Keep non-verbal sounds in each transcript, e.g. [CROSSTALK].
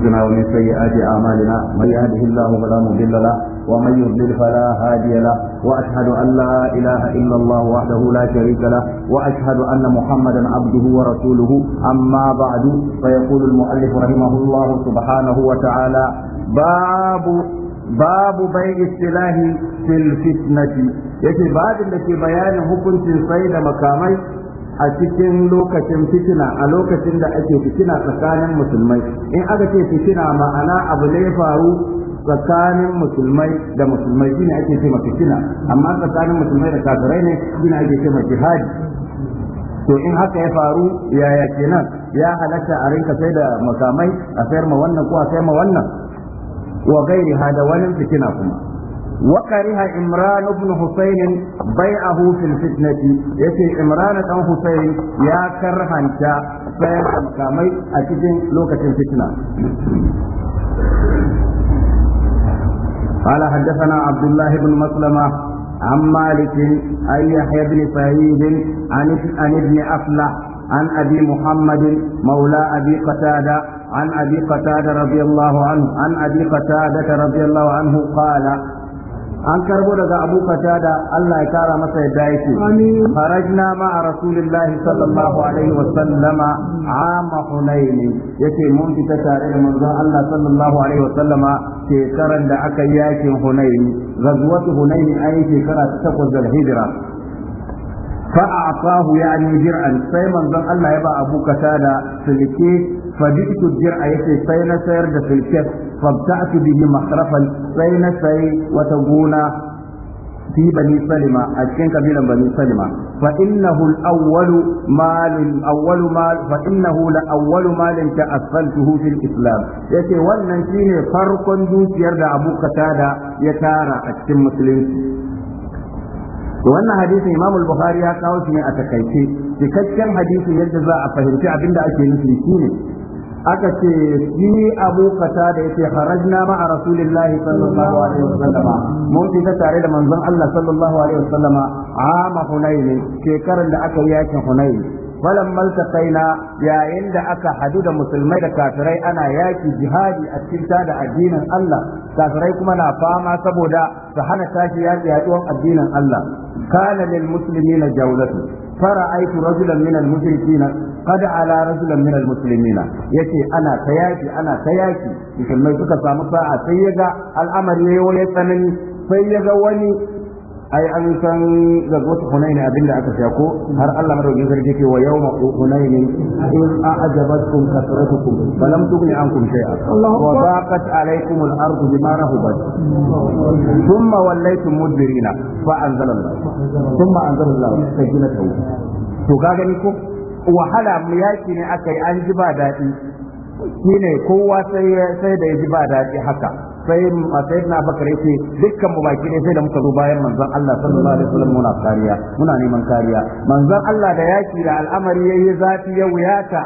أنفسنا ومن سيئات أعمالنا من يهده الله فلا مضل له ومن يضلل فلا هادي له وأشهد أن لا إله إلا الله وحده لا شريك له وأشهد أن محمدا عبده ورسوله أما بعد فيقول المؤلف رحمه الله سبحانه وتعالى باب babu bai istilahi fil fitnati yake babin da ke bayanin hukuncin sai da makamai a cikin lokacin fitina a lokacin da ake fitina tsakanin musulmai in aka ce fitina ma'ana abu ne faru tsakanin musulmai da musulmai shine ake ce fitina amma tsakanin musulmai da kafirai ne shine ake ce jihadi to in haka ya faru yaya kenan ya halatta a rinka sai da makamai a sayar ma wannan ko a sayar ma wannan wa gairi hada wani fitina kuma وكره عمران بن حسين بيعه في الفتنة يتي عمران بن حسين يا كرهنتا سيد مقامي أكيد لوكة الفتنة قال حدثنا عبد الله بن مسلمة عن مالك عن يحيى بن سعيد عن ابن أفلح عن أبي محمد مولى أبي قتادة عن أبي قتادة رضي الله عنه عن أبي قتادة رضي الله عنه قال an karbo daga abu da Allah ya kara masa yadda yake farajna ma a rasulillahi sallallahu alaihi wa sallama ama hunaini yace mun fita tare da manzon Allah sallallahu alaihi wa sallama shekaran da aka yi yakin hunaini ghazwatu hunaini an yi shekara ta takwas da hijira fa ya yani jir'an sai manzon Allah ya ba abu da silike فبئت الدرع يتي سينا سير دفلكت فابتعت به مصرفا سينا سي وتقول في بني سلمة أشكين كبيرا بني سلمة فإنه الأول مال أول مال فإنه لأول مال تأصلته في الإسلام يتي ولن شيني فرق دوس يرد أبو قتادة يتارى أشكين مسلم wannan hadisin Imam al-Bukhari ya kawo shi ne a takaice cikakken hadisin yadda za a fahimci abin da ake nufi shine aka ce ni abu kata da yace harajna ma'a rasulillahi sallallahu alaihi wasallam mun fita tare da manzon Allah sallallahu alaihi wasallam ama hunayn shekaran da aka yi yakin falan falamma kaina yayin da aka hadu da musulmai da kafirai ana yaki jihadi a cikin da addinin Allah kafirai kuma na fama saboda su hana tashi yaki yaduwan addinin Allah kana lil muslimina jawlatu فرأيت رجلا من المشركين قد على رجلا من المسلمين يتي أنا تياكي أنا تياكي يكلمي سكا سامسا سيجا الأمر يوي سنني sai ya ga wani ai an san zagwatu hunain abin da aka ko har Allah madaukin sarki ke wa yawma hunain in a'jabatkum kasratukum falam tughni ankum shay'a wa baqat alaykum al-ardu bima rahabat thumma wallaytum mudbirina fa anzala Allah thumma anzala Allah sajinatahu to ka gani ko wahala mu yaki ne aka yi an ji ba daɗi shine kowa sai sai da ya ji ba daɗi haka sai sayyidina Abubakar yake dukkan mu baki ne sai da muka zo bayan manzon Allah sallallahu alaihi wasallam muna kariya muna neman kariya manzon Allah da yaki da al'amari yayi zafi ya wuyata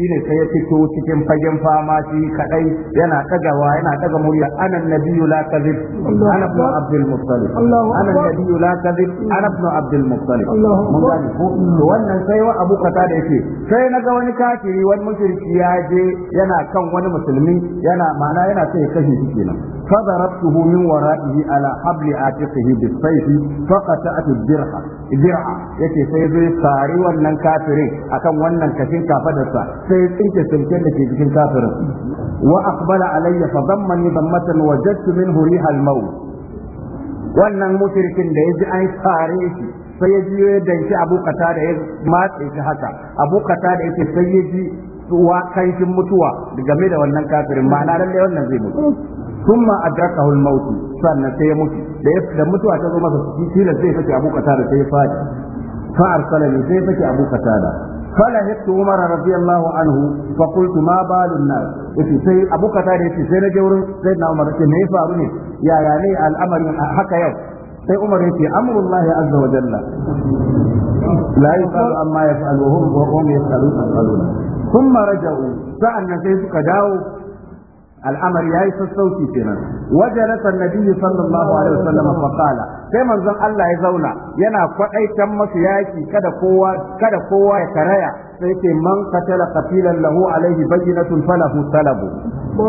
shine sai ya fito cikin fagen fama shi kadai yana tagawa yana daga murya ana nabiyyu la kadhib ana ibn abdul muttalib ana nabiyyu la kadhib ana ibn abdul muttalib mun gani ko wannan sai wa abu kata da yake sai naga wani kafiri wani mushriki ya je yana kan wani musulmi yana ma'ana yana sai kashe shi kenan فضربته من ورائه على حبل عاتقه بالسيف فقطعت الدرع الدرع yake sai zai sari wannan kafirin akan wannan kashin kafadarsa sai tsinke tsinken da ke jikin kafirin wa aqbala alayya fa dammani dammatan wajadtu minhu rihal maut wannan mushrikin da yaji an sare shi sai ya ji ya danki abu kata da ya matse shi haka abu kata da yake sai ya ji wa kanshin mutuwa game da wannan kafirin ma'ana lalle wannan zai mutu ثم أدركه الموت sannan sai ya mutu da mutuwa ta zo masa shi tilas zai kace abu kata da sai ya faɗi fa arsalani sai saki abu qatada فلهجت عمر رضي الله عنه فقلت ما بال الناس yace sai abu da yace sai na je sai na umar yace me ya faru ne yaya ne al'amari haka yau sai umar yace amrullah azza wa jalla la yusalu amma yaf'aluhum wa hum yasalun yasalun thumma raja'u sa'anna sai suka dawo al'amari yayi sassauci kenan wajalasa annabi sallallahu sai manzon Allah ya zauna yana kwadaitan masu yaki kada kowa kada kowa ya karaya sai ce man katala qatilan lahu alaihi bayyinatun falahu talabu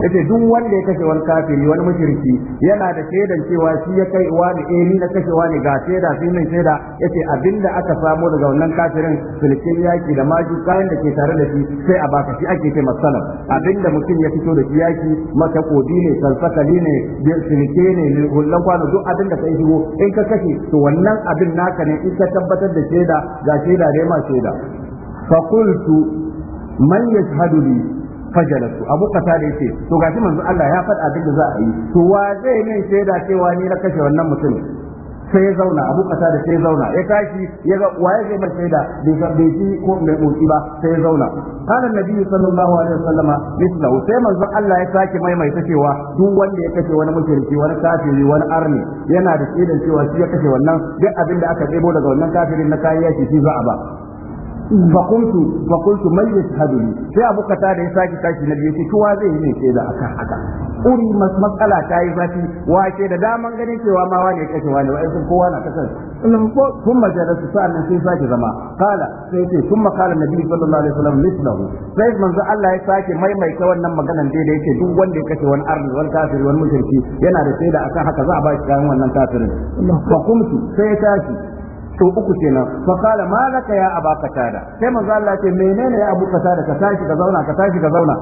yace duk wanda ya kashe wani kafiri wani mushriki yana da shaidan cewa shi ya kai ne eh ni na kashe wani ga shaida shi mai shaida yace abinda aka samu daga wannan kafirin filkin yaki da maju kayan da ke tare da shi sai a baka shi ake ce masalab abinda mutum ya fito da shi yaki masa kodi ne salsakali ne sulke ne hullan kwano duk abinda kai shigo in in ka kashe to wannan abin naka ne in ka tabbatar da shaida ga shaida ne ma shaida fa qultu man yashhadu li fajalatu abu kasa da yace to gashi manzo Allah ya faɗa abin da za a yi to wa zai ne shaida cewa ni na kashe wannan mutumin sai ya zauna abu kasa da sai ya zauna ya tashi ya ga waye zai mai shaida bai san bai ji ko bai motsi ba sai ya zauna kana nabi sallallahu alaihi wasallam mislahu sai manzo Allah ya sake maimaita cewa duk wanda ya kashe wani mushriki wani kafiri wani arni yana da shaidan cewa shi ya kashe wannan duk abin da aka tsebo daga wannan kafirin na ya shi za a ba فقلت فقلت mai يشهد لي sai abu kata da ya saki tashi na biyu kowa zai yi ne shaida akan haka uri matsala ta yi zafi wace da daman ganin cewa ma wani ya kashe wani wai sun kowa na kasar sun majalisar su sa'an nan sai sake zama kala sai ce sun makala nabi sallallahu alaihi wasallam mislahu sai manzo Allah ya sake maimaita wannan maganan daidai da duk wanda ya kashe wani arni wani kafiri wani mushriki yana da da akan haka za a ba shi kayan wannan kafirin fa sai ya to uku kenan fa kala ma ya aba sai manzo Allah ce menene ya abu qatada ka tashi ka zauna ka tashi ka zauna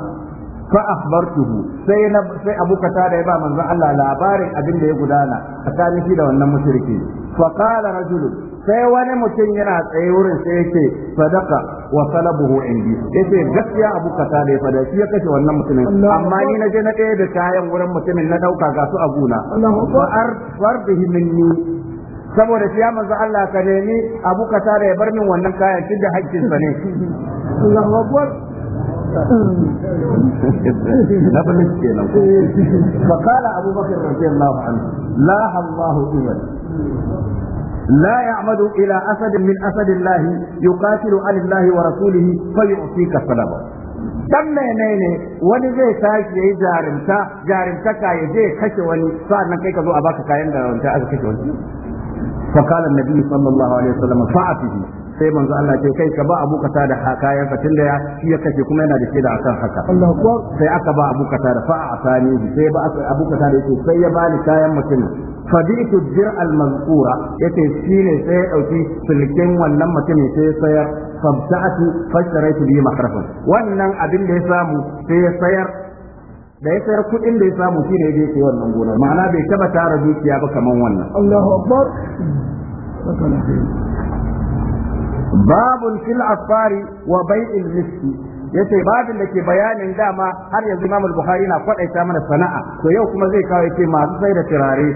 fa akhbartuhu sai na sai abu ya ba manzo Allah labarin abin da ya gudana tsakanin shi da wannan mushriki fa kala rajul sai wani mutum yana tsaye wurin sai yake sadaka wa salabuhu indi yace gaskiya abu qatada ya fada shi ya kashe wannan mutumin amma ni na je na ɗaya da kayan wurin mutumin na dauka ga su abuna fa ar minni saboda shi ya manzo Allah ka nemi abu ka tare ya bar min wannan kayan tun da haƙƙin sa ne Allahu akbar na bani kenan fa qala Abu Bakr radiyallahu anhu la Allahu ibad لا يعمد إلى أسد من أسد الله يقاتل عن الله ورسوله فيعطيك سلامه dan menene wani zai tashi yayi jarumta jarumtaka ya je kashe wani sa'an nan kai ka zo a baka kayan da wanda aka kashe wani فقال النبي صلى الله عليه وسلم فاعته sai manzo Allah ce kai ka ba Abu Kata da kayan ka tunda ya shi ya kace kuma yana da shaida akan haka sai aka ba Abu Kata da fa'atani sai ba Abu da yake sai ya bani kayan mutum faditu dir al mazkura yace shine sai ya dauki sulkin wannan mutumin sai ya sayar fabta'atu fashtaraitu bi mahrafan wannan abin da ya samu sai ya sayar da ya sayar kuɗin da ya samu shi ne ya ce wannan gonar ma'ana bai taba tara dukiya ba kamar wannan Allahu akbar babun fil asfari wa bai'il riski yace babin da ke bayanin dama har yanzu Imam Bukhari na kwadaita mana sana'a to yau kuma zai kawo yace masu sai da turare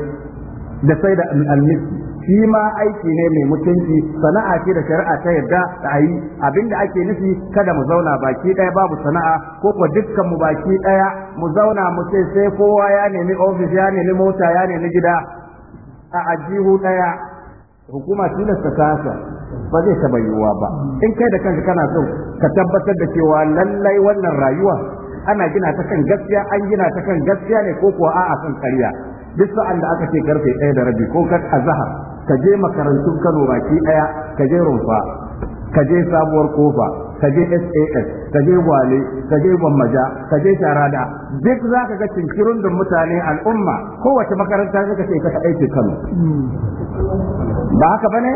da sai da almiski shi ma aiki ne mai mutunci sana'a ce da shari'a ta yarda a yi abinda ake nufi kada mu zauna baki daya babu sana'a ko ko dukkan mu baki daya mu zauna mu ce sai kowa ya nemi ofis ya nemi mota ya nemi gida a ajihu daya hukuma tilasta kasa ba zai taba yiwuwa ba in kai da kanka kana so ka tabbatar da cewa lallai wannan rayuwa ana gina ta kan gaskiya an gina ta kan gaskiya ne ko kuwa a'a kan karya duk sa'an da aka ce karfe ɗaya da rabi ko kar zahar. ka je makarantun Kano baki daya ka je rumfa ka je sabuwar kofa ka je SAS ka je Wale ka je Gwammaja ka je Sharada duk ka ga cinkirin da mutane al'umma kowace makaranta suka ce ka aiki Kano ba haka ba ne?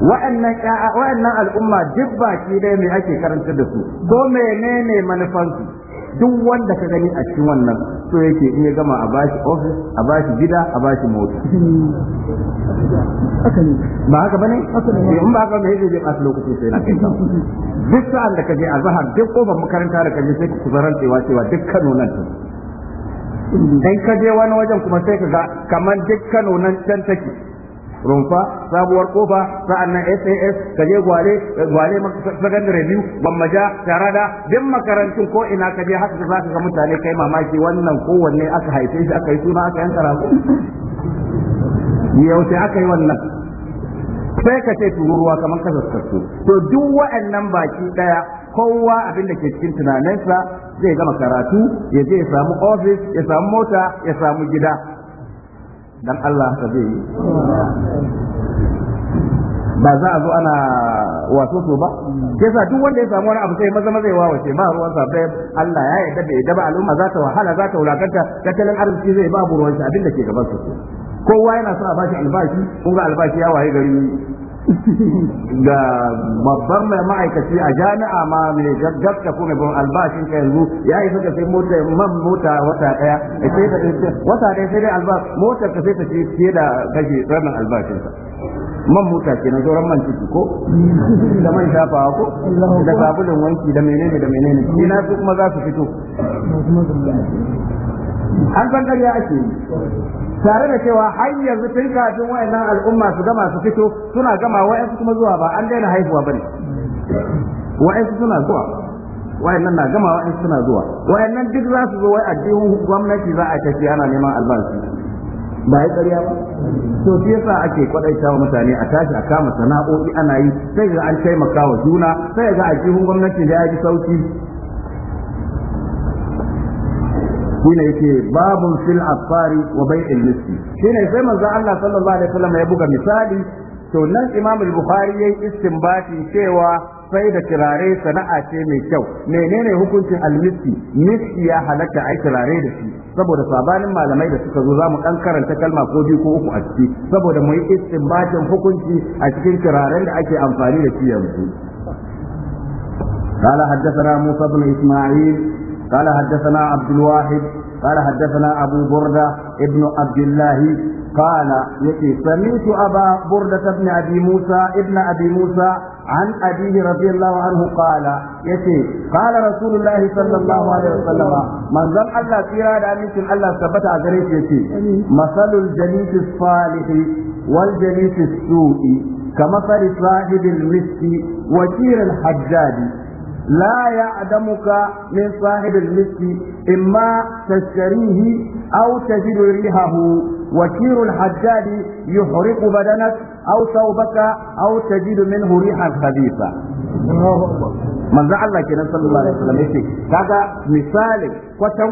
wa'annan al'umma duk baki ɗaya mai ake karantar da su ko menene manufansu duk wanda ka gani a cikin wannan so yake in ya gama a bashi ofis a bashi gida a bashi mota ba haka bane eh, in ba haka me yake zai basu lokaci sai na kai ka duk sa'an da je a zahar duk kofar makaranta da kaje sai ku zaran cewa cewa duk Kano nan ta ka je wani wajen kuma sai ka ga kamar duk Kano nan can take rumfa sabuwar kofa sa'annan SAS ka je gwale gwale secondary biyu bammaja tarada duk makarantun ko ina ka je haka za ka ga mutane kai mamaki wannan kowanne aka haife shi aka yi suna aka yanka rafu. yau sai aka yi wannan sai ka ce tururuwa kamar ka zaskarsu to duk wa'annan baki daya kowa abin da ke cikin tunaninsa zai gama karatu ya je ya samu ofis ya samu mota ya samu gida dan Allah ta zai yi ba za a zo ana wato so ba sa duk wanda ya samu wani abu sai maza maza ya wawace ba ruwan sa sai Allah ya yarda da yarda al'umma za ta wahala za ta wulakanta tattalin arziki zai ba ruwan shi abin da ke gaban su kowa yana son a bashi albashi kun ga albashi ya waye gari ga babbar mai ma'aikaci a jami'a ma mai gaggabta ko mai bin albashin ka yanzu ya yi suka sai mota man mota wata daya sai ka wata daya sai dai mota ka sai ta ce fiye da gashi ranar albashin ka man mota ke nan sauran man ciki ko da man shafawa ko da sabulun wanki da menene da menene ina su kuma za su fito an san ya ake yi tare da cewa har yanzu tun kafin wayannan al'umma su gama su fito suna gama wayansu kuma zuwa ba an daina haihuwa bane wayansu suna zuwa wayannan na gama wayansu suna zuwa wayannan duk za su zo wai addinin gwamnati za a tafi ana neman albashi ba ya ƙarya ba to shi yasa ake kwadaita wa mutane a tashi a kama sana'o'i ana yi sai ga an taimaka wa juna sai ga a jihun gwamnati da ya ji sauki shine yake babun fil asfari wa bai'il miski shine sai manzo Allah sallallahu alaihi wasallam ya buga misali to nan Imam al-Bukhari yayi istinbati cewa sai da kirare sana'a ce mai kyau menene hukuncin al-miski miski ya halatta a kirare da shi saboda sabanin malamai da suka zo za mu dan karanta kalma ko biyu ko uku a ciki saboda mu yi istinbatin hukunci a cikin kiraren da ake amfani da shi yanzu قال حدثنا موسى بن اسماعيل قال حدثنا عبد الواحد قال حدثنا أبو بردة ابن عبد الله قال يتي سمعت أبا بردة بن أبي موسى ابن أبي موسى عن أبيه رضي الله عنه قال يتي قال رسول الله صلى الله عليه وسلم من ظن الله في هذا مثل الله ثبت أجريت يتي مثل الجليس الصالح والجليس السوء كمثل صاحب المسك وكير الحجاج لا يعدمك من صاحب المسك إما تشتريه أو تجد ريحه وكير الحجاج يحرق بدنك أو ثوبك أو تجد منه ريحا خبيثة manzo Allah kenan sallallahu alaihi wasallam yace kaga misalin kwatan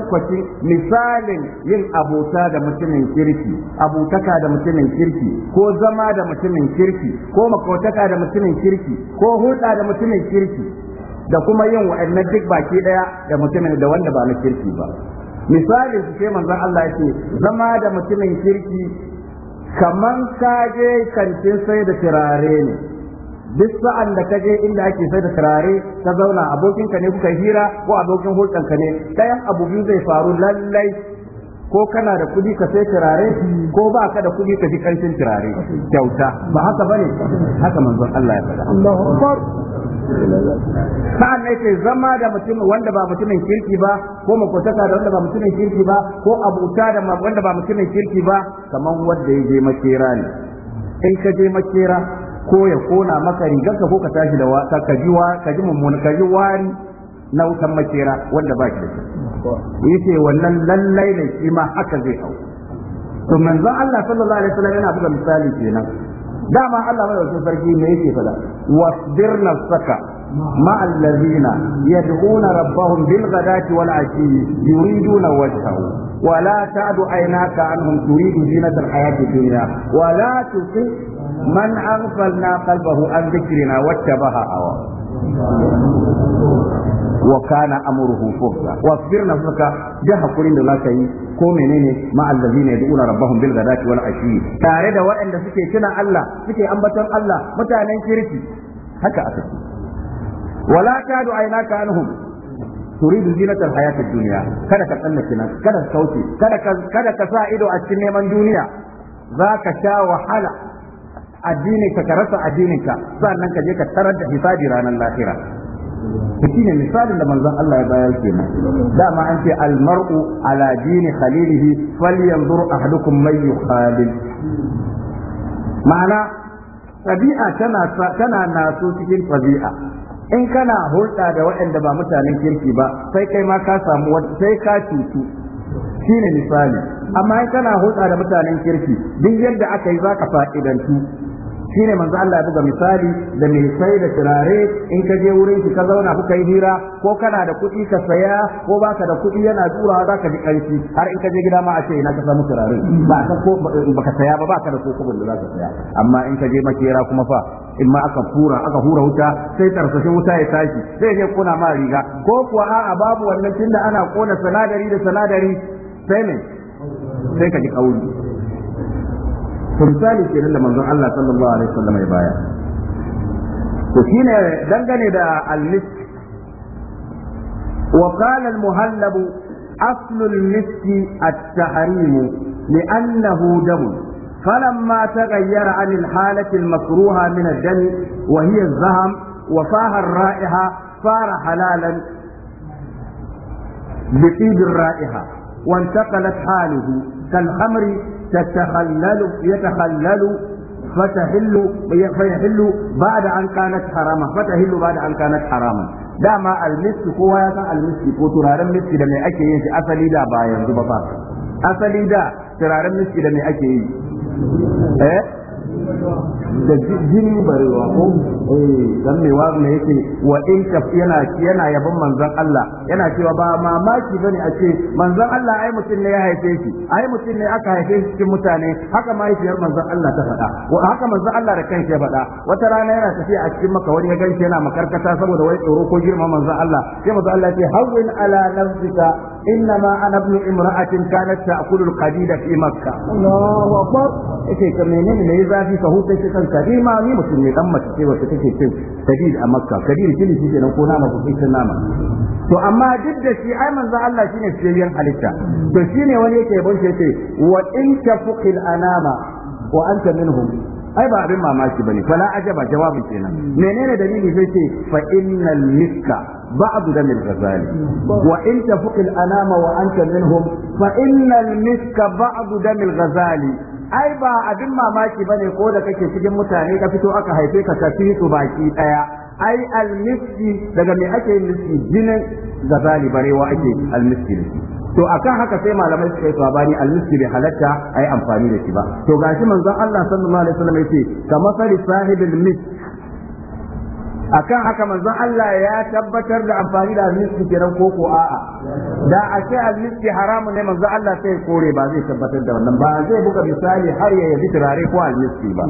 misalin yin abota da mutumin kirki abotaka da mutumin kirki ko zama da mutumin kirki ko makautaka da mutumin kirki ko hulɗa da mutumin kirki da kuma yin wa'annan duk baki ɗaya da mutumin da wanda ba na kirki ba misali su ce manzon Allah ya ce zama da mutumin kirki kaman ka je kantin sai da turare ne duk sa'an da ka je inda ake sai da turare ka zauna abokinka ne kuka hira ko abokin hulɗanka ne ɗayan abu biyu zai faru lallai ko kana da kuɗi ka sai turare ko ba ka da kuɗi ka ji ƙanshin turare kyauta ba haka bane haka manzon Allah ya faɗa sa'an ne ce zama da mutum wanda ba mutumin kirki ba ko makwataka da wanda ba mutumin kirki ba ko abuta da wanda ba mutumin kirki ba kamar wanda ya je makera ne in ka je makera ko ya kona maka rigarka ko ka tashi da wata ka ji ka ji mummun ka ji wari na wutan makera wanda ba ke. da shi yace wannan lallai ne shi ma haka zai hau to manzon Allah sallallahu alaihi wasallam yana buga misali kenan dama Allah madaukakin sarki me yake fada wasbir nafsaka مع الذين يدعون ربهم بالغداة والعشي يريدون وجهه ولا تعد عيناك عنهم تريد زينة الحياة الدنيا ولا تطع من أغفلنا قلبه عن ذكرنا واتبع هواه wa kana amruhu fursa wasbir nafsaka da hakurin da zaka yi ko menene ma allazina yad'una rabbahum bil ghadati wal ashi tare da waɗanda suke kiran Allah suke ambaton Allah mutanen kirki haka aka ce wala tadu aynaka anhum turidu zinatal hayatid dunya kada ka tsallake nan kada ka kauce kada ka kada ka sa ido a cikin neman duniya zaka sha wahala addinin ka rasa addinin ka sannan ka je ka tarar da hisabi ranar lahira shine misalin da manzon Allah ya bayar kenan dama an ce almar'u ala dini khalilihi falyanzur ahadukum may yukhalil ma'ana tabi'a tana tana naso cikin tabi'a in kana hulɗa da waɗanda ba mutanen kirki ba sai kai ma ka samu sai ka cutu shine misali amma in kana hulɗa da mutanen kirki duk yadda aka yi zaka fa'idantu shine manzo Allah ya buga misali da mai sai da turare in ka je wurin shi ka zauna kuka yi hira ko kana da kuɗi ka saya ko baka da kuɗi yana turawa za ka ji ƙarfi har in ka je gida ma a ce ina ka samu turare ba ka ko baka saya ba baka da kokobin da za ka saya amma in ka je makera kuma fa in ma aka fura aka hura wuta sai tarsashin wuta ya tashi sai ya kuna ma riga ko kuwa a'a babu wannan tunda ana kona sanadari da sanadari sai ne sai ka ji kauri misali kenan da manzon Allah sallallahu alaihi wasallam ya baya to shine dangane da al-misk wa qala al-muhallab asl al-misk at-tahrim li'annahu dam فلما تغير عن الحالة المكروهة من الدم وهي الزهم وفاها الرائحة صار حلالا بطيب الرائحة وانتقلت حاله كالخمر تتخلل يتخلل فتحل فيحل بعد أن كانت حراما فتحل بعد أن كانت حراما دعما المسك هو يسا المسك وترار المسك دم أكي ينشي أسلي دا باين دبطا أسلي دا ترار المسك دم أكي إيه da jini barewa ko eh, dan mai wani yake wa in yana yana yaban manzon Allah yana cewa ba mamaki bane a ce manzon Allah ai mutum ne ya haife shi ai mutum ne aka haife shi cikin mutane haka mahaifiyar manzon Allah ta faɗa haka manzon Allah da kanshi ya faɗa wata rana yana tafiya a cikin maka wani ya ganshi yana makarkata saboda wani tsoro ko girma manzon Allah sai manzon Allah ya ce hawwin ala nafsika إنما أنا ابن امرأة كانت تأكل القديد في مكة الله أكبر إيش كمنين ميزا في فهو تشكن قديمة مي مسلمي أما تشكي وتشكي تشكي قديد أمكة قديد شيني شيني نكون أنا في سنامة to amma duk da shi ai manzo Allah shine sirrin halitta to shine wani yake yabon shi yace wa in tafuqil anama wa anta minhum ai ba abin mamaki bane la ajaba jawabin kenan menene dalili sai ce fa innal miska ba'du dam al wa in tafuq al-anama wa anta minhum fa innal miska ba'du dam al ai ba abin mamaki bane ko da kake cikin mutane ka fito aka haife ka ka su baki daya ai al-miski daga me ake miski jinin gazali barewa ake al-miski to akan haka sai malamai suka yi sabani almiski bai halatta a yi amfani da shi ba to gashi manzon Allah sallallahu alaihi wasallam yace kamar sari sahibil misk akan haka manzon Allah ya tabbatar da amfani da almiski kenan ko ko a'a da a ce almiski haramun ne manzon Allah sai kore ba zai tabbatar da wannan ba zai buga misali har ya yabi turare ko almiski ba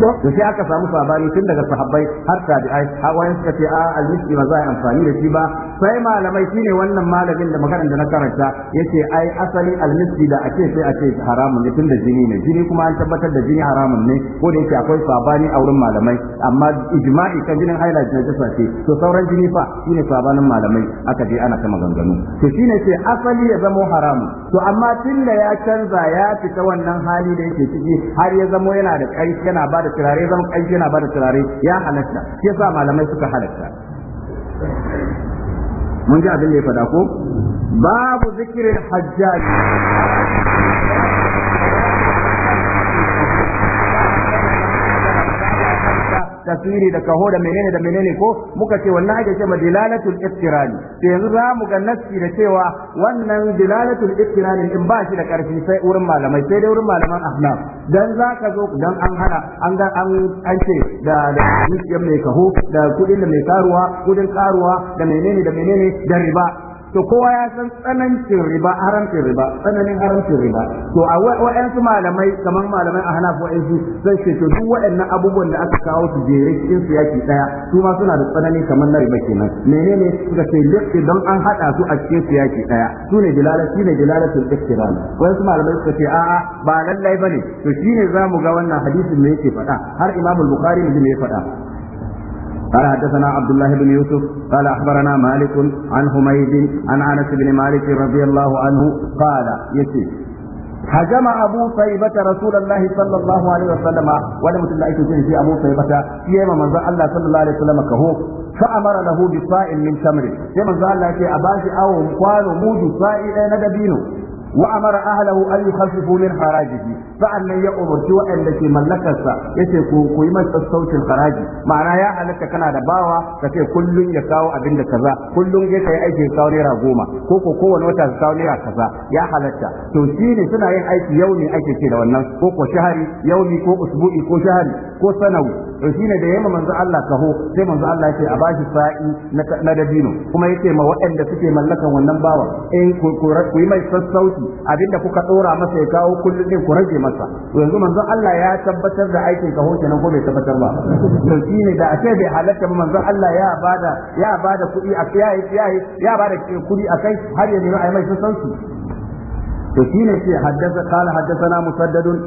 to sai aka samu sabani tun daga sahabbai har tabi'ai har wayan suka ce a'a almiski ba za a amfani da shi ba sai malamai shine wannan malamin da maganar da na karanta yace ai asali almiski da ake sai ake haramun ne tun da jini ne jini kuma an tabbatar da jini haramun ne ko da yake akwai sabani a wurin malamai amma ijma'i kan jinin haila na jisa ce to sauran jini fa shine sabanin malamai aka je ana ta maganganu to shine ce asali ya zamo haramu to amma tunda ya canza ya fita wannan hali da yake ciki har ya zamo yana da kai yana bada turare zama kai yana bada turare ya halatta yasa malamai suka halatta mun ji abin da ya faɗa ko babu zikirin hajjaji tasiri da kaho da menene da menene ko muka ce wannan ake cewa dilalatul iftirani to yanzu za mu ga nassi da cewa wannan dilalatul iftirani in ba shi da karfi sai wurin malamai sai dai wurin malaman ahnaf dan za ka zo dan an hana an ga an ce da da mai kaho da kudin da mai karuwa kudin karuwa da menene da menene da riba to kowa ya san tsanancin riba haramcin riba tsananin haramcin riba to a wa'ansu malamai kamar malamai a hanaf wa'ansu zai ce to duk waɗannan abubuwan da aka kawo su jere cikin su yaki daya su ma suna da tsanani kamar na riba kenan menene suka ce liqi don an hada su a cikin su yaki daya su ne dilala shi ne dilalatul ikhtiram wa'ansu malamai suka ce a'a ba lallai bane to shine zamu ga wannan hadisin me yake faɗa har imamul bukhari ne ya faɗa قال حدثنا عبد الله بن يوسف قال أخبرنا مالك عن حميد عن أنس بن مالك رضي الله عنه قال يسير هجم أبو طيبة رسول الله صلى الله عليه وسلم ولم تلا يكون في أبو طيبة يما من الله صلى الله عليه وسلم كهو فأمر له بصاع من تمر يما من الله كي أباشي أو مقال موجو صاع إلى ندبينه وأمر أهله أن يخففوا من حراجه فأن يأمر شو أن لكي ملكسا يسيكو قيمة الصوت الخراج معنى يا حلك كان دباوة كتير كل يكاو أبن كذا كل يكاو أي شيء يكاو نيرا غوما كوكو كو نوتا يكاو نيرا كذا يا حلك توشيني سنة ين أي يومي أي شيء كده والنفس كوكو شهري يومي كو أسبوعي كو شهري كو سنوي to shine da yamma manzo Allah kaho sai manzo Allah ya ce a bashi sa'i na dabino kuma yace ma waɗanda suke mallakan wannan bawa in ku yi mai sassauci Abin abinda kuka dora masa ya kawo kullum din ku rage masa yanzu manzon Allah ya tabbatar da aikin ka hoke nan ko bai tabbatar ba to shine da ashe bai halatta ba manzon Allah ya bada ya bada kuɗi a kiyaye kiyaye ya bada kuɗi a kai har ya nemi a yi mai sassauci to shine ce haddasa qala haddathana musaddadun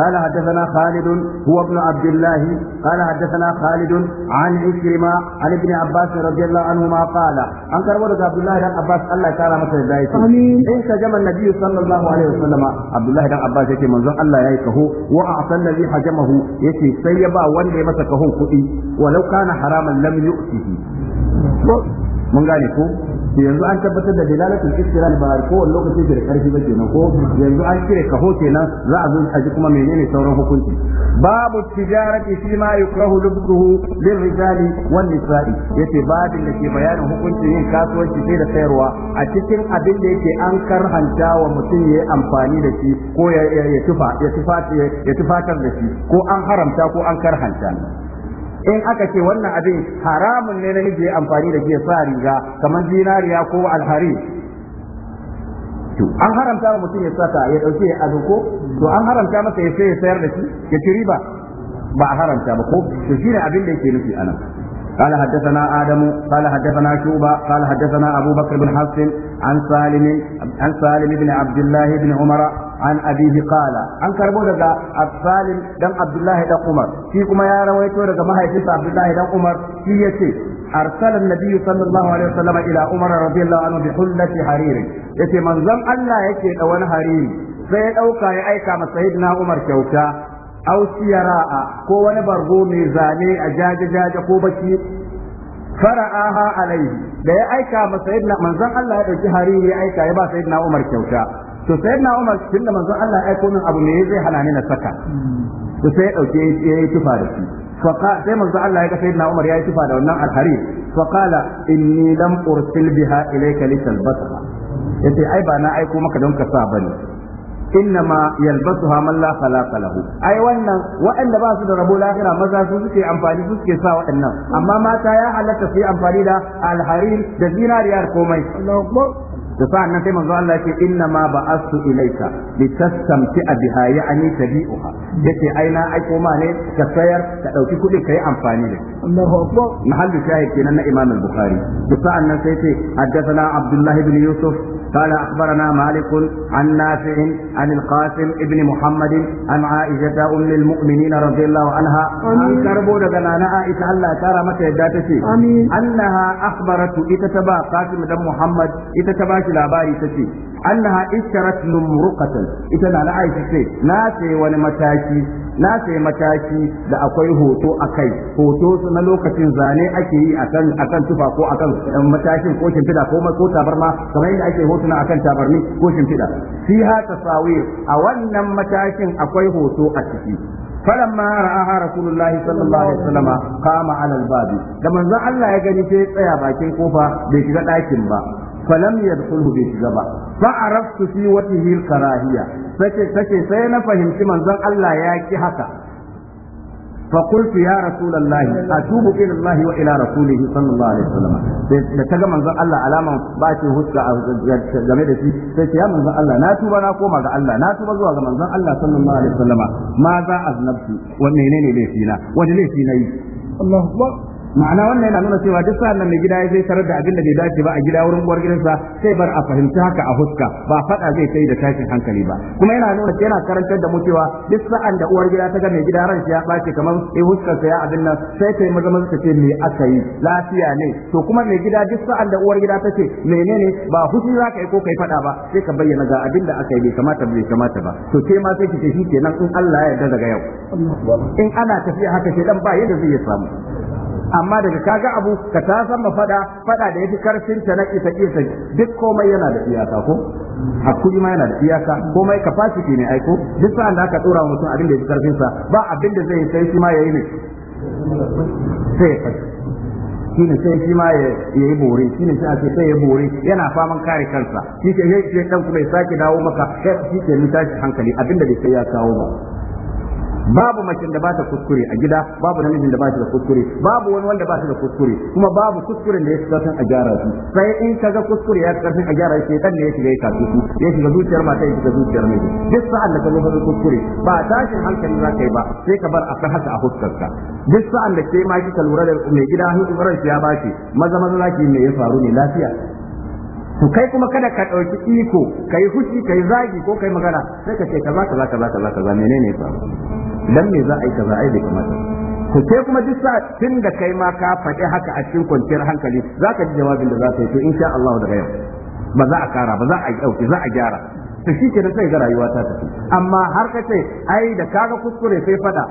قال حدثنا خالد هو ابن عبد الله قال حدثنا خالد عن عكرمة عن ابن عباس رضي الله عنهما قال عن كربلاء عبد الله بن عباس الله تعالى مثل ذلك إن حجم النبي صلى الله عليه وسلم عبد الله بن عباس يكي منظر الله يكه وأعطى الذي حجمه يكي سيبا وندي مسكه كئي ولو كان حراما لم يؤته من قال yanzu an tabbatar da dalalatul istidlal ba ko wani lokaci da karfi ba kenan ko yanzu an kire kaho kenan za a zo a ji kuma menene sauran hukunci babu tijarati fi ma yukrahu lubduhu rijali wan nisa'i yace babin da ke bayanin hukunci yin kasuwanci sai da sayarwa a cikin abin da yake an karhanta wa mutum ya amfani da shi ko ya tufa ya tufatar da shi ko an haramta ko an karhanta in aka ce wannan abin haramun ne namiji ya amfani da giya sa riga kamar zinariya ko alhari an haramta wa mutum ya saka ya dauke ya ko to an haramta masa ya sai ya sayar da shi ya ci riba ba a haramta ba ko to shine abin da yake nufi anan قال حدثنا آدم قال حدثنا شوبة قال حدثنا أبو بكر بن حفص عن سالم عن سالم بن عبد الله بن عمر an abihi qala an karbo daga Salim dan Abdullahi dan Umar shi kuma ya rawaito daga mahaifinsa Abdullahi dan Umar shi yace أرسل النبي صلى الله عليه وسلم إلى عمر رضي الله عنه بحلة حرير يتي منظم ألا يكي أول حرير sai ɗauka ya aika ma sayyidina Umar kyauta aw siyara'a ko wani bargo mai zane a jaje jaje ko baki fara'aha alaihi da ya aika ma sayyidina manzon Allah ya dauki hariri ya aika ya ba sayyidina Umar kyauta to sai na Umar tunda manzon Allah ya aiko min abu ne zai hana ni na saka to sai ya dauke ya tufa da shi sai manzon Allah ya ga sai na Umar ya tufa da wannan alharin. fa qala inni lam ursil biha ilayka litalbasha yace ai ba na aiko maka don ka sa bane innama yalbasuha man la khalaqa lahu ai wannan waɗanda ba su da rabo lahira maza su suke amfani suke sa waɗannan amma mata ya halatta su yi amfani da alharir da zinariyar komai da sa'an nan sai manzo Allah yake inna ma ba'asu ilaika li tastamti'a biha ya'ni tabi'uha yake ai na aiko ma ne ka sayar ka dauki kudin kai amfani da Allahu akbar mahallu shahid kenan na Imam al-Bukhari da sa'an nan sai ce haddathana Abdullah ibn Yusuf قال أخبرنا مالك عن نافع عن القاسم ابن محمد عن عائشة أم المؤمنين رضي الله عنها عن كربو دغنا عائشة الله كرمت يداتك أنها أخبرت إتتبا قاسم دم محمد إتتبا bashi labari ce annaha ishtarat numruqatan ita na Aisha ce na sai wani mataki na sai mataki da akwai hoto a kai hoto na lokacin zane ake yi akan akan tufa ko akan eh, matakin ko shimfida ko ko tabarma kamar yadda ake hotuna akan tabarni ko shimfida fiha tasawir a wannan matakin akwai hoto a ciki فلما رآها رسول الله صلى الله عليه وسلم قام على الباب da manzon Allah ya gani sai tsaya bakin kofa bai shiga ɗakin ba falam yadkhulhu bi gaba fa araftu fi wajhihi al-karahiyya sai sai sai na fahimci manzon Allah ya ki haka فقلت يا رسول الله اتوب الى الله والى رسوله صلى الله عليه وسلم da ta ga manzon Allah alama ba ce huska game da shi sai ce ya manzon Allah na tuba na koma ga Allah na tuba zuwa ga manzon Allah sallallahu alaihi wasallam ma za aznabtu menene wani laifi ma'ana wannan yana nuna cewa duk sa'an nan mai gida ya zai tarar da abin da bai dace ba a gida wurin uwar gidansa sai bar a fahimci haka a huska ba faɗa zai sai da tashin hankali ba kuma yana nuna yana karantar da mu cewa duk sa'an da uwar gida ta ga mai gida ran shi ya ɓace kamar ya huskar sa ya abin nan sai kai maza maza ta ce me aka yi lafiya ne to kuma mai gida duk sa'an da uwar gida ta ce menene ba hushi za ka yi ko kai faɗa ba sai ka bayyana ga abin da aka yi bai kamata bai kamata ba to ke ma sai ki ce shi kenan in Allah ya yarda daga yau in ana tafiya haka sai dan ba yadda zai samu amma daga kaga abu ka ta san fada fada da yafi karfin ta na isa isa duk komai yana da iyaka ko hakuri ma yana da iyaka komai capacity ne aiko duk sa'an da aka dora mutum abin da yafi karfin sa ba abin da zai sai shi ma yayi ne sai ya fashi ne sai shi ma ya yi bore ne sai a ce sai ya bore yana faman kare kansa shi ke sai dan kuma ya sake dawo maka sai shi ke mutashi hankali abinda bai sai ya kawo ba babu macen da ba ta kuskure a gida babu namijin da ba shi da kuskure babu wani wanda ba shi da kuskure kuma babu kuskure da ya shiga a gyara su sai in ga kuskure ya shiga karfin a gyara shi dan ne ya shiga ya kasu su ya shiga zuciyar mata ya shiga zuciyar miji duk sa'an da ka zo kuskure ba tashin hankali za ka yi ba sai ka bar akan haka a huskarka duk sa'an da kai ma kika lura da mai gida hin ya shi maza maza zaki me ya faru ne lafiya to kai kuma kada ka ɗauki iko kai huci kai zagi ko kai magana sai ka ce kaza kaza kaza kaza kaza menene ya faru dan me za a yi kaza yi da kamata ko ke kuma duk sa tun da kai ma ka faɗi haka a cikin kwanciyar hankali za ka ji jawabin da za ka yi to insha Allah daga yau ba za a kara ba za a ɗauke za a gyara to shi ke da sai ga rayuwa ta tafi amma har ka ce ai da kaga kuskure sai faɗa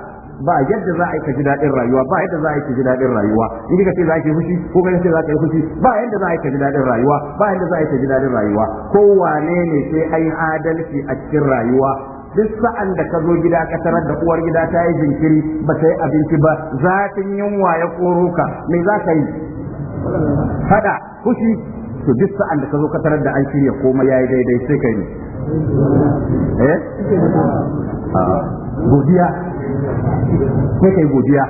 ba yadda za a yi ka ji daɗin rayuwa ba yadda za a yi ka ji daɗin rayuwa in ka ce za ka yi fushi ko ka ce za ka yi fushi ba yadda za a yi ka ji daɗin rayuwa ba yadda za a yi ka ji daɗin rayuwa ko wane ne sai ai adalci a cikin rayuwa duk sa'an da ka zo gida ka tarar da uwar gida ta yi jinkiri ba ta yi abinci ba zafin yunwa ya koro ka me za ka yi fada kushi to duk sa'an da ka zo ka tarar da an shirya komai yayi daidai sai ka yi eh ah, godiya sai kai godiya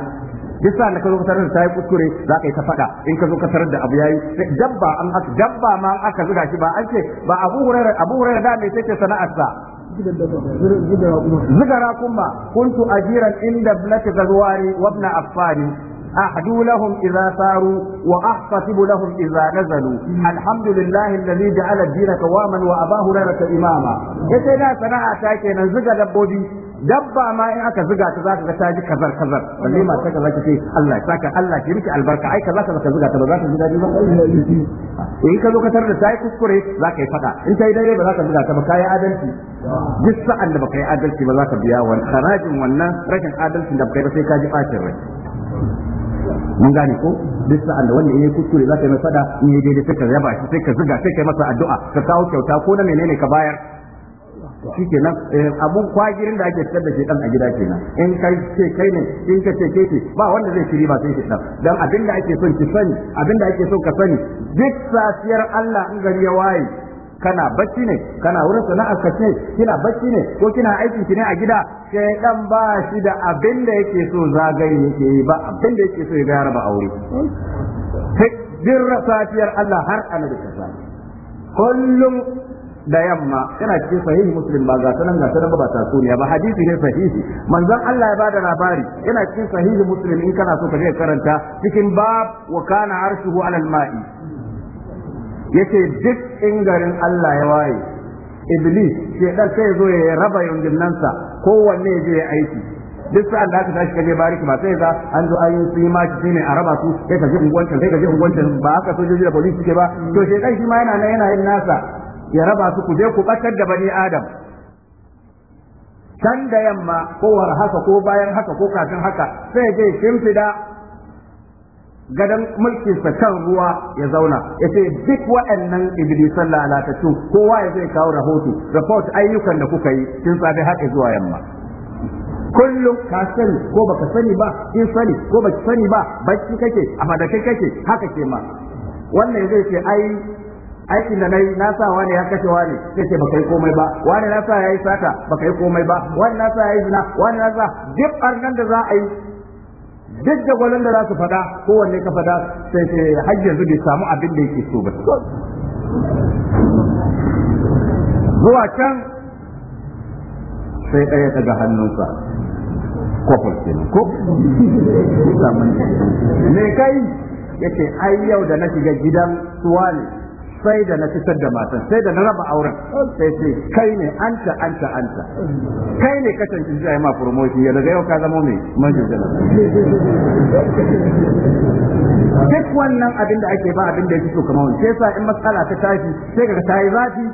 duk sa'an da ka zo ka tarar da yi kuskure za ka yi ta fada in ka zo ka tarar da abu yayi dabba an aka dabba ma aka zuga shi ba an ce ba Abu Hurairah Abu Hurairah da me sana'arsa زجرا كما كنت أجيرا عند ابنة غزواري وابن أفان أحدو لهم إذا ساروا وأحتسب لهم إذا نزلوا الحمد لله الذي جعل الدين قواما وأباه هريرة إماما يتنا سنعتا كينا زجا دبودي dabba ma in aka ziga ta zaka ga ta ji kazar kazar balle ma ta kaza ce Allah ya saka Allah ki riki albarka ai kaza kaza ka ziga ta ba za ta ji dadi ba in ka zo ka tar da sai kuskure ka yi fada in ta yi daidai ba za ka ziga ta ba yi adalci duk sa'an da ba ka yi adalci ba za ka biya wannan harajin wannan rashin adalcin da baka yi ba sai ka ji bacin rai mun gane ko duk sa'an da wanda yi kuskure za ka yi mai fada in yayi daidai sai ka yaba shi sai ka ziga sai ka yi masa addu'a ka kawo kyauta ko na menene ka bayar shi kenan eh, abun kwagirin da ake fitar da shi dan a gida kenan in kai ce kai ne in ka ce kai ba wanda zai shiri ba sai shi dan dan abin da ake son ki sani abin da ake son ka sani duk safiyar Allah in gari ya waye kana bacci ne kana wurin sana'a ka ce kina bacci ne ko kina aiki ki ne a gida dan ba shi da abin da yake so zagaye yake yi ba abin da yake so ya ga raba aure duk safiyar Allah har ana da kasa kullum da yamma yana cikin sahihi muslim ba gasa nan gasa nan ba ta suniya ba hadisi ne sahihi manzon Allah ya bada labari yana cikin sahihi muslim in kana so ka je karanta cikin bab wa kana arshuhu ala al-ma'i yace duk in garin Allah ya waye iblis dan sai zo ya raba yungin nan sa kowanne ya je aiki duk sa'an da aka tashi kaje bariki ba sai ga an zo ayin su ma shi ne a raba su kai ka ji unguwancin kai ka ji unguwancin ba haka sojoji da police suke ba to ɗan shi ma yana nan yana yin nasa ya raba su ku je ku ɓatar da bani adam can da yamma ko war haka ko bayan haka ko kafin haka sai je shimfida gadon mulkinsa kan ruwa ya zauna ya ce duk wa'annan iblisan lalatattu kowa ya zai kawo rahoto report ayyukan da kuka yi tun safe haka zuwa yamma kullum ka sani ko baka sani ba kin sani ko baki sani ba bacci kake a madaka kake haka ke ma wannan zai ce ai aikin da nayi na sa wani ya kashe wani sai ce baka yi komai ba wani na sa yayi sata baka yi komai ba wani na sa yayi zina wani na sa duk arnan da za a yi duk da gwanin da za su fada kowanne ka fada sai ce har yanzu bai samu abin da yake so ba zuwa can sai ɗaya daga hannunsa kofar kenan ko [LAUGHS] me kai yace ai yau da na shiga gidan suwa ne sai da na fitar da matan sai da na raba auren sai ce kai ne ta an ta kai ne ka tanki zai ma promotion ya daga yau ka zama mai manjin jana duk wannan abin da ake ba abin da yake so kamar wani sai sa in matsala ta tashi sai ka ta yi zafi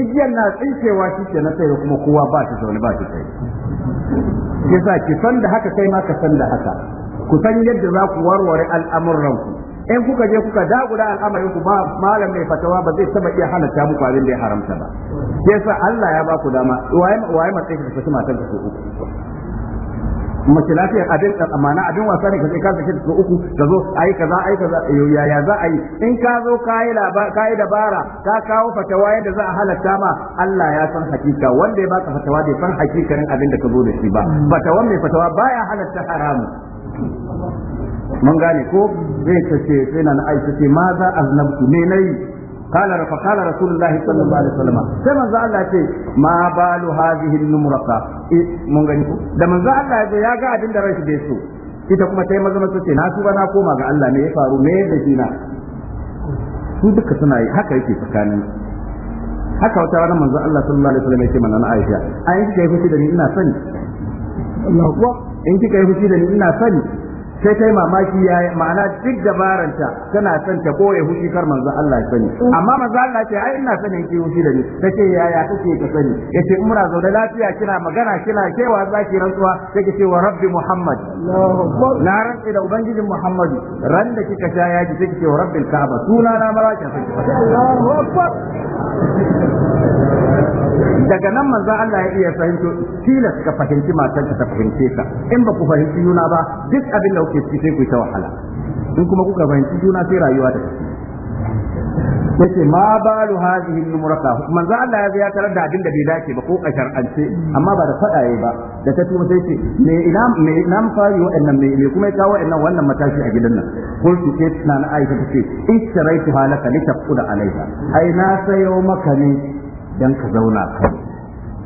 igiyar na tsinkewa shi ke na sai kuma kowa ba shi zaune ba shi sai Ke sa ki san da haka kai ma ka san da haka ku san yadda za ku warware al'amuran ku in kuka je kuka dagula al'amarin ku ba malam mai fatawa ba zai taba iya halatta muku abin da ya haramta ba sai sa Allah ya ba ku dama waye waye matsayi ka saki matan uku mace lafiyar abin amana abin wasa ne ka sai ka saki ka uku ka zo ai kaza ai kaza yaya za a yi in ka zo kai kai dabara ka kawo fatawa yadda za a halatta ma Allah ya san hakika wanda ya baka fatawa bai san hakikarin abin da ka zo da shi ba fatawa mai fatawa baya halatta haramu من قال ko زي تشي na aisha ce ماذا za مني me nayi قال فقال رسول الله صلى الله عليه وسلم كما ذا الله ce ما بال هذه النمرقه من gani ko da من Allah ya ya ga عند رئيس بيسو bai so ita kuma sai maza mace ce na tuba na koma ga Allah ne ya faru ne da jina. su duka suna yi haka yake tsakanin haka wata ranar manzo Allah sallallahu alaihi wasallam ya ce na Aisha an yi da ni ina sani in kika yi fushi da ni ina sani sai kai mamaki ya ma'ana duk dabaranta tana son ta koya hushi kar manzo Allah ya sani amma manzo Allah ce ai ina sanin ki hushi da ni ya yaya kake ka sani yace in muna zaune lafiya kina magana kina cewa zaki rantsuwa take cewa rabbi muhammad na rantsi da ubangijin muhammadu ran da kika sha yaji take cewa rabbil ka'aba suna na maraka Allahu akbar daga nan manzon Allah ya iya fahimto tilas ka fahimci matan ta fahimce ka in ba ku fahimci juna ba duk abin da kuke ciki sai ku ta wahala in kuma kuka fahimci juna sai rayuwa ta yace ma balu hadhihi numrata manzon Allah ya tarar da abin da bai dace ba ko kashar ance amma ba da fada ba da ta tuma sai ce me ina me fa fari wa'annan me me kuma ya kawo annan wannan matashi a gidan nan kullu ke na na Aisha tace in sharaitu halaka litaqud alaiha ai na sayo maka ne dan ka zauna kai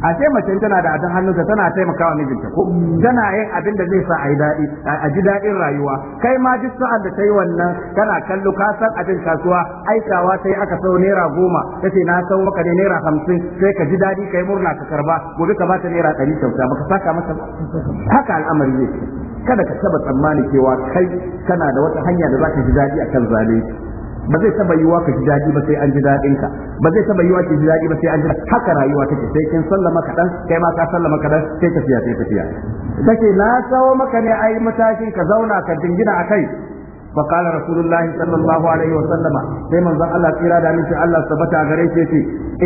a ce mace tana da abin hannunta tana taimakawa mijinta ko tana yin abin da zai sa a yi daɗi a ji daɗin rayuwa kai ma duk sa'an da ta yi wannan kana kallo ka san abin kasuwa aikawa sai aka sau naira goma ta ce na sau maka ne naira hamsin sai ka ji daɗi ka yi murna ka karba gobe ka bata naira ɗari kyauta baka saka masa haka al'amari ne kada ka taba tsammani cewa kai kana da wata hanya da za ka ji daɗi akan zalunci ba zai taba wa ka ji daɗi ba sai an ji daɗin ka ba zai taba wa ka ji daɗi ba sai an ji haka rayuwa take sai kin sallama ka dan kai ma ka sallama ka dan sai tafiya sai tafiya kake na tsawo maka ne ai matakin ka zauna ka dingina akai fa qala rasulullahi sallallahu alaihi wa sallama sai manzon Allah kira da mishi Allah sabata gare shi ce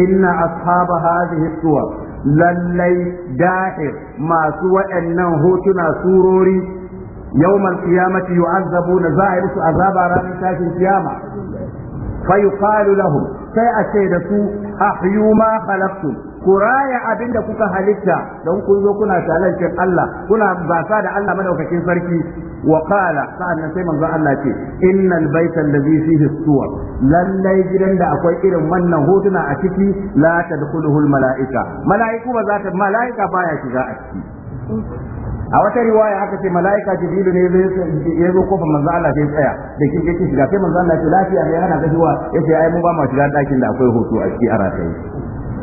inna ashabu hadhihi suwa lallai da'ir masu wa'annan hotuna surori Yau, yawmal qiyamati yu'azzabuna za a yi musu azaba ranar tashin kiyama fa yuqalu sai a ce da su ahyu ma khalaqtum ku raya abin da kuka halitta don kun zo kuna talancin Allah kuna basa da Allah madaukakin sarki wa qala na sai manzo Allah ce innal baita allazi fihi suwar lallai gidan da akwai irin wannan hotuna a ciki la tadkhuluhu mala'ika mala'iku ba za ta mala'ika baya shiga a ciki a wata riwaya haka ce mala'ika jibrilu ne ya zo kofar manzo Allah sai tsaya da kin yake shiga sai manzo Allah ya lafiya ne yana gajiwa yace ai mu ba mu shiga dakin da akwai hoto a ciki a rataye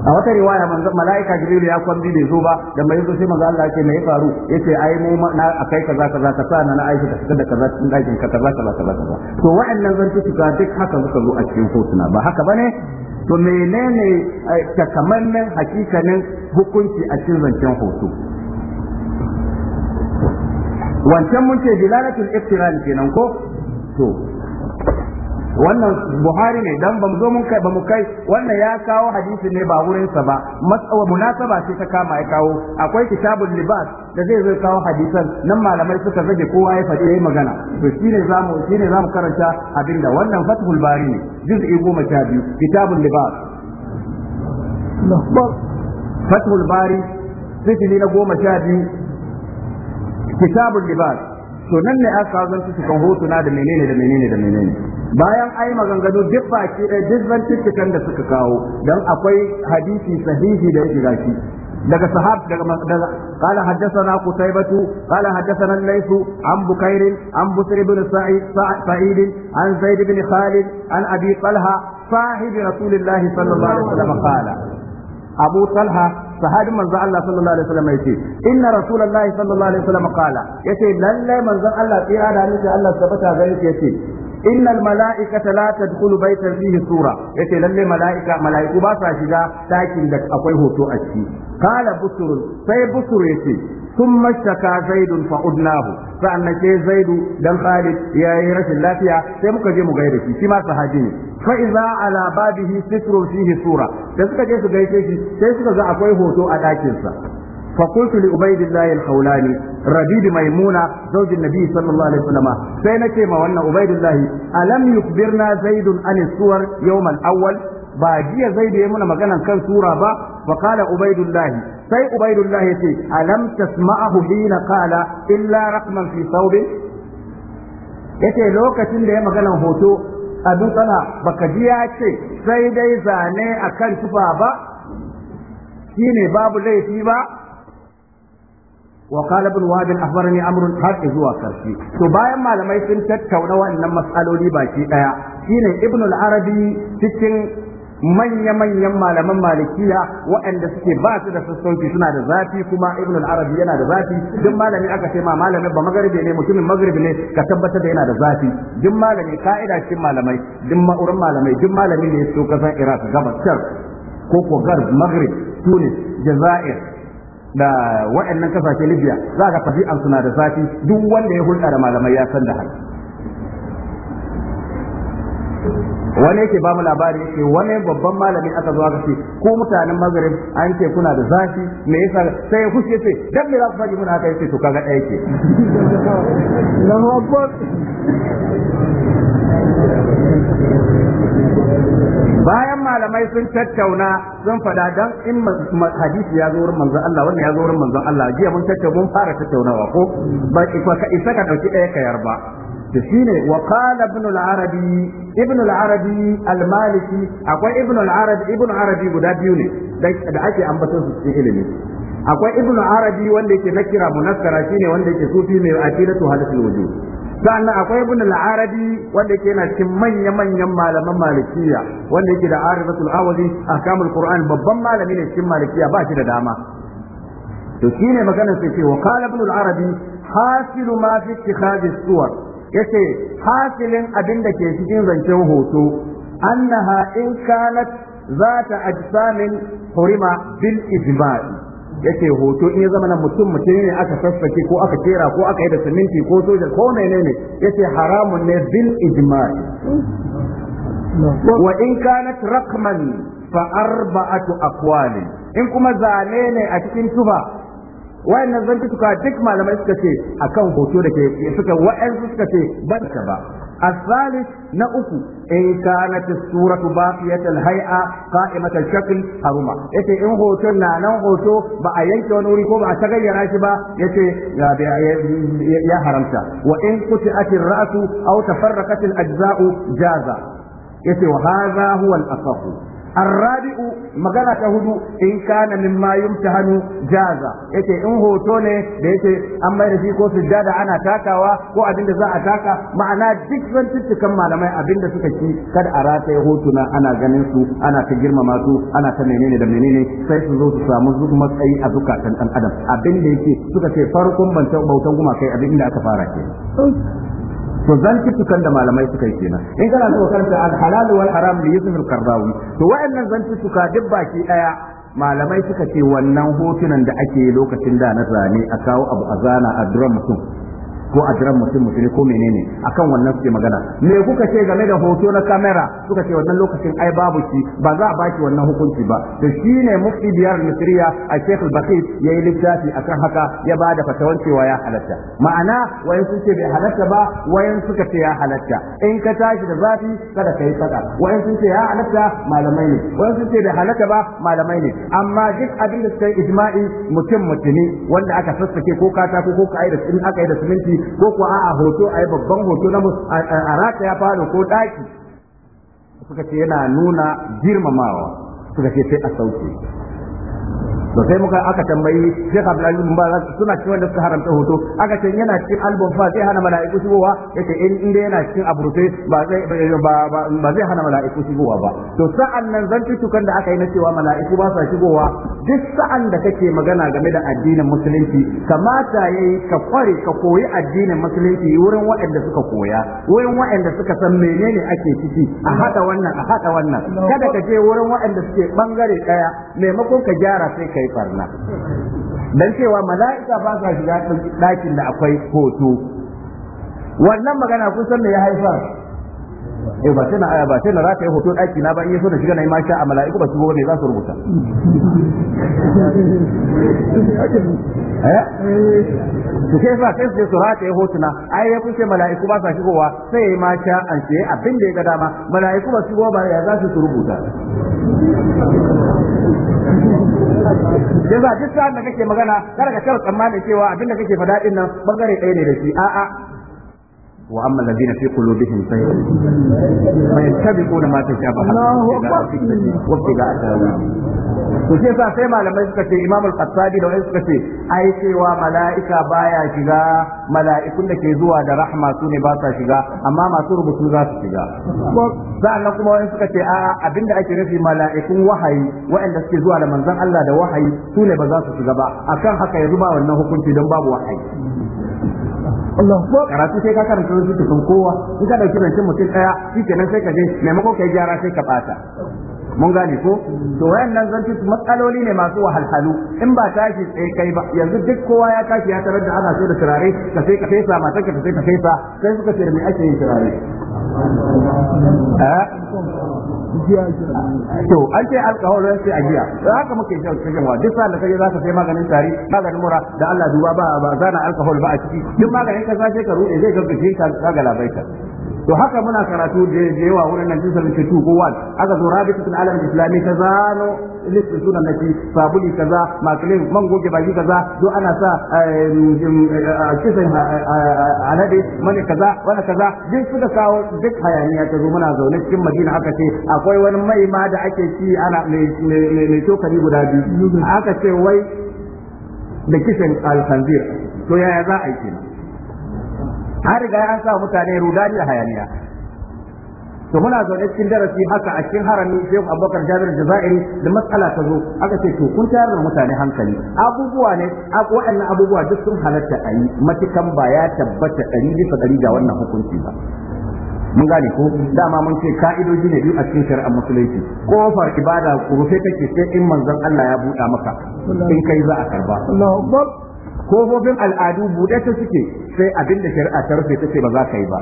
a wata riwaya manzo mala'ika jibrilu ya kwambi bai zo ba da mai zo sai manzo Allah ya ce me ya faru yace ai mu na akai kaza kaza ka sa na aisha ka da kaza cikin dakin ka kaza kaza kaza to wa'annan shiga duk haka suka zo a cikin hotuna ba haka bane to menene eh, takamaiman hakikanin hukunci a cikin zancen hoto wancan mun ce dilalatul iftirani kenan ko to wannan buhari ne dan ba mu zo mun kai ba mu kai wannan ya kawo hadisi ne ba wurin sa ba matsawa munasaba ce ta kama ya kawo akwai kitabul libas da zai zo kawo hadisan nan malamai suka rage kowa ya faɗi yayi magana to shine zamu shine zamu karanta abinda wannan fathul bari ne juz'i 12 kitabul libas fathul bari sifili na goma sha biyu kitabul libas to nan ne aka zan su kan hotuna da menene da menene da menene bayan ai maganganu duk ki da duk kan da suka kawo dan akwai hadisi sahihi da yake gashi daga sahab daga daga qala haddathana qutaybatu qala haddathana laysu layth an bukair an busri ibn sa'id sa'id an zaid ibn khalid an abi talha sahib رسول sallallahu alaihi wasallam qala abu talha sahabin manzon Allah sallallahu alaihi wasallam yace inna rasulullahi sallallahu alaihi wasallam qala yace lallai manzon Allah tsira da hannun Allah tabbata ga yake yace inna almalaikata la tadkhulu baytan fihi sura yace lalle malaika malaiku ba sa shiga dakin da akwai hoto a ciki qala busur sai busur yace ثم اشتكى زيد فعدناه فأن زيد دم خالد يا رش اللافية سيمك جيم غيره كما صحابيني فإذا على بابه ستر فيه صورة تسكى جيس غيره تسكى زعقوي هوتو أداكنسا فقلت لأبيد الله الحولاني رديد ميمونة زوج النبي صلى الله عليه وسلم سينا كما وأن أبيد الله ألم يخبرنا زيد عن الصور يوم الأول ba jiya zai da ya muna maganan kan sura ba wa kala ubaidullahi sai ubaidullah yace alam tasma'ahu hina qala illa raqman fi thawbin yace lokacin da ya magana hoto abin sana baka ji ya ce sai dai zane akan tufa ba shine babu laifi ba وقال ابن وهب اخبرني امر har zuwa karshe to bayan malamai sun tattauna wannan matsaloli baki daya shine ibn al-arabi cikin manya-manyan malaman malikiya waɗanda suke ba su da sassauci suna da zafi kuma ibn arabi yana da zafi duk malami aka ce ma malamin ba magharibi ne mutumin magharibi ne ka tabbatar da yana da zafi duk malami ka'ida cikin malamai duk ma'urin malamai duk malami ne su kasan iraq gabas shar ko ko garb maghrib tunis jazair da waɗannan kasashe libya za ka an suna da zafi duk wanda ya hulɗa da malamai ya san da haka wani yake ba mu labari yake wani babban malami aka zo aka ce ko mutanen magrib an ce kuna da zafi me yasa sai ya fuske ce dan me za ku faɗi muna aka yace to kaga ɗaya ke [LAUGHS] bayan malamai sun tattauna sun fada dan in hadisi ya zo wurin manzon Allah wannan ya zo wurin manzon Allah jiya mun tattauna mun fara tattaunawa ko ba ka isa ka dauki ɗaya ka yarba to shine wa qala ibn al-arabi ibn al-arabi al-maliki akwai ibn al-arabi ibn arabi guda biyu ne da ake ambaton su cikin ilimi akwai ibn arabi wanda yake nakira munakkara shine wanda yake sufi mai aqidatu halatul wujud sannan akwai ibn al-arabi wanda yake yana cikin manya manyan malaman malikiya wanda yake da arifatul awali ahkamul qur'an babban malami ne cikin malikiya ba shi da dama to shine maganar sai ce wa qala ibn al-arabi hasilu ma fi ittikhadhi suwar yace hasilin abin da ke cikin zancen hoto annaha in kanat zata ajsamin hurima bil ijma'i yace hoto in ya zama na mutum mutum ne aka sassake ko aka kera ko aka yi da siminti ko soja ko menene yace haramun ne bil ijma'i wa in kanat raqman fa arba'atu aqwali in kuma zane ne a cikin tufa wayannan zantuka duk malamai suka ce akan hoto da ke suka wa'ansu suka ce ban ka ba الثالث نأك إن كانت الصورة باقية الهيئة قائمة الشكل حرمة يتي إن هوتو نانا هوتو بأيانك ونوريكو بأشغل يراشبا يتي يا حرمتا وإن قطعت الرأس أو تفرقت الأجزاء جازا يتي وهذا هو الأصح الرابع magana ta hudu in kana mimma yumtahanu jaza yace in hoto ne da yace an mai da shi ko sujjada ana takawa ko abinda za a taka ma'ana duk zantuttukan malamai abinda suka ci kada a rataye hotuna ana ganin su ana ta girmama su ana ta menene da menene sai su zo su samu matsayi a zukatan dan adam abinda yake suka ce farkon bautan kai abinda aka fara ke to tukan da malamai suka yi kenan in kana so karanta al-halal wal haram li yuzhir al-qardawi to wa'annan tuka duk baki daya malamai suka ce wannan hotunan da ake lokacin da na zane a kawo abu a zana a drum mutum ko a jiran mutum mutum ko menene akan wannan suke magana me kuka ce game da hoto na kamera suka ce wannan lokacin ai babu shi ba za a baki wannan hukunci ba to shine mufti biyar misriya a Sheikh al ya yayi littafi akan haka ya ba da fatawan cewa ya halatta ma'ana wayan suke bai halatta ba wayan suka ce ya halatta in ka tashi da zafi kada kai fada wayan sun ce ya halatta malamai ne wayan sun ce bai halatta ba malamai ne amma duk abin da suka yi ijma'i mutum mutumi wanda aka sassake ko katako ko ka da in aka yi da siminti ko a a'a hoto a yi babban hoto na a ya falo ko daki suka ce yana nuna girmamawa suka ce sai a sauke da sai muka aka tambayi Sheikh Abdullahi bin Baz suna cikin wanda suka haramta hoto aka ce yana cikin album fa sai hana mala'iku shigowa yace in inda yana cikin aburte ba zai ba zai hana mala'iku shigowa ba to sa'an nan zan zantukan da aka yi na cewa mala'iku ba sa shigowa duk sa'an da kake magana game da addinin musulunci kamata yayi ka kware ka koyi addinin musulunci wurin waɗanda suka koya wurin waɗanda suka san menene ake ciki a hada wannan a hada wannan kada ka je wurin waɗanda suke bangare daya maimakon ka gyara sai ka yi farna dan cewa mala'ika ba sa shiga ɗakin da akwai hoto wannan magana kun san me ya haifar eh ba sai na aya eh, ba sai na rataye hoto aiki na ba in yaso da shiga na yi masha a mala'iku ba su gobe za su rubuta [LAUGHS] eh to sai fa sai su rataye hotuna ai ya kuce mala'iku ba sa shigowa sai yayi masha an ce abin da ya ga dama mala'iku ba su gobe ya za su rubuta yanzu a duk sa'an da kake magana kada ka tsammanin cewa abin da kake faɗa ɗin nan bangare ɗaya ne da shi a'a واما الذين في قلوبهم زيغ فيتبعون ما تشابه منه وابتغاء تاويله to sai sa sai malamai suka ce imamul khattabi da wani suka ce ai cewa mala'ika baya shiga mala'ikun da ke zuwa da rahma su ne ba sa shiga amma masu rubutu za su shiga sa'annan kuma wani suka ce a'a abinda ake nufi mala'ikun wahayi waɗanda suke zuwa da manzon Allah da wahayi su ne ba za su shiga ba akan haka ya zuba wannan hukunci don babu wahayi Allah ko karatu sai ka karanta rubutun kowa in ka dauki rancin mutum daya shikenan sai ka je maimako kai gyara sai ka bata mun gane ko to wayannan zan ci matsaloli ne masu wahalhalu in ba tashi sai kai ba yanzu duk kowa ya tashi ya tarar da ana so da turare ka sai ka fesa matar ka sai ka fesa sai suka ce me ake yin turare eh? to an ce alkawar sai a giya da haka muke shan shan duk sa da za zaka sai maganin tari maganin mura da Allah duba ba ba zana ba a ciki duk maganin ka sace ka rude zai gaggace ka ga labaita to haka muna karatu da yawa wurin nan jinsa ke tu ko aka zo rabitatul alam islami kaza no suna na nake sabuli kaza makilin man goge baki kaza do ana sa eh, eh, eh, kisan alade mani wani kaza duk suka kawo duk hayaniya ta zo muna zaune cikin madina aka ce akwai wani mai ma da ake ci ana mai cokali guda biyu aka ce wai da kisan alhanzir to yaya za a yi kenan an riga an sa mutane rudani da hayaniya to muna zaune cikin darasi haka a cikin harami Sheikh Abubakar Jabir Jazairi da matsala ta zo aka ce to kun tayar mutane hankali abubuwa ne waɗannan abubuwa duk sun halatta a yi matukan ba ya tabbata ɗari bisa ɗari da wannan hukunci ba mun gane ko dama mun ce ka'idoji ne biyu a cikin shari'ar musulunci kofar ibada rufe take sai in manzon Allah ya buɗa maka in kai za a karba kofofin al'adu buɗe ta suke sai abin da shari'a ta rufe ta ce ba za ka yi ba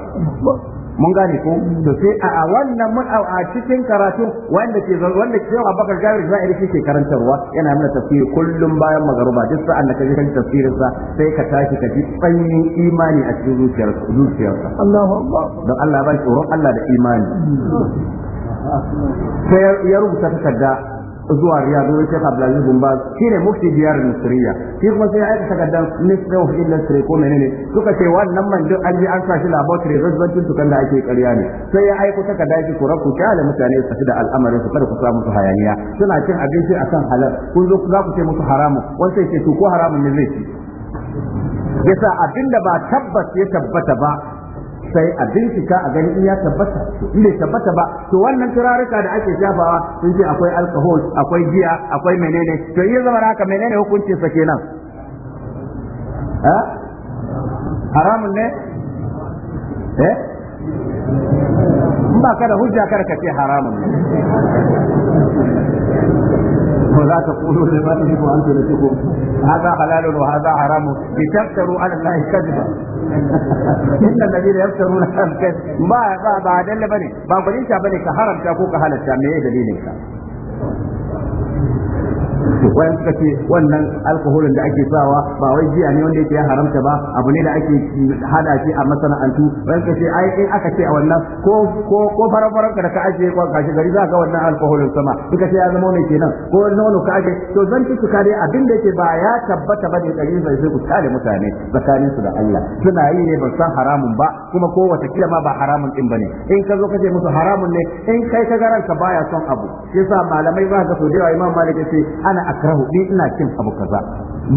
mun gane ko to sai a wannan mun a cikin karatu wanda ke wanda ke yawa bakar jabir za shi ke karantarwa yana mana tafsiri kullum bayan magaruba duk sa'an da ka ji tafsirin sa sai ka tashi ka ji tsanyin imani a cikin zuciyar zuciyarsa Allahu Akbar dan Allah ba tsoron Allah da imani sai ya rubuta takarda zuwa riyadu wai shekha abdulaziz bin baz ne mufti biyar misriya shi kuma sai aika takardar ministry of industry ko menene suka ce wannan man duk an je an sa shi laboratory zazzancin su da ake karya ne sai ya aiko takarda yake ku rabu kyale mutane su tafi da al'amarin su kada ku samu su hayaniya suna cin abinci akan halal kun zo za ku ce musu haramun wani sai ce su ko haramun ne zai ci yasa abinda ba tabbas ya tabbata ba sai a bincika a gani in ya tabbata in bai tabbata ba to wannan turaruka da ake shafawa sun ce akwai alcohol akwai giya akwai menene to yi zama haka menene hukuncin sa kenan eh? haramun ne eh in ba ka da hujja kar ka ce haramun ولا تقولوا لما تصفوا أنتم لتكون هذا حلال وهذا حرام لتفتروا على الله كذبا إن الذين يفترون على الكذب ما بعد اللي بني ما بني بني كهرم تكوك هل التامية دليلك wayan suka ce wannan alkoholin da ake sawa ba wai jiya ne wanda yake ya haramta ba abu ne da ake hada shi a masana'antu wayan suka ce ai in aka ce a wannan ko ko ko farafaran ka da ka aje ko kashi gari za ka wannan alkoholin sama suka ce ya zama mai kenan ko nono ka aje to zan ci suka dai abin da yake ba ya tabbata ba da dari sai sai ku tare mutane tsakanin su da Allah suna yi ne ba san haramun ba kuma ko wata kila ma ba haramun din bane in ka zo ka ce musu haramun ne in kai ka garanka baya son abu yasa malamai ba ka so da Imam Malik ce ana akrahu ni ina cin abu kaza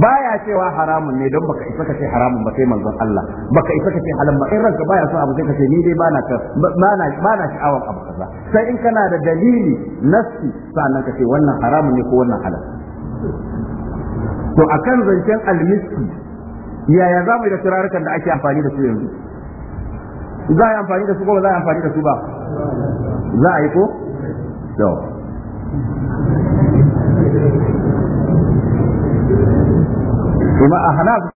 baya cewa haramun ne don baka isa kace haramun ba sai manzon Allah baka isa kace halal ba in ranka baya so abu sai kace ni dai bana bana bana sha'awar abu kaza sai in kana da dalili nafsi sannan kace wannan haramun ne ko wannan halal to akan zancen almiski yaya za mu da turarukan da ake amfani da su yanzu za a yi amfani da su ko ba za a yi amfani da su ba za a yi ko to jama'a hanaf